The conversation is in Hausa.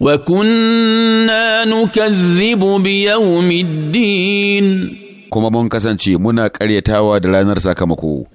وكنا نكذب بيوم الدين kuma mun kasance muna ƙaryatawa da ranar sakamako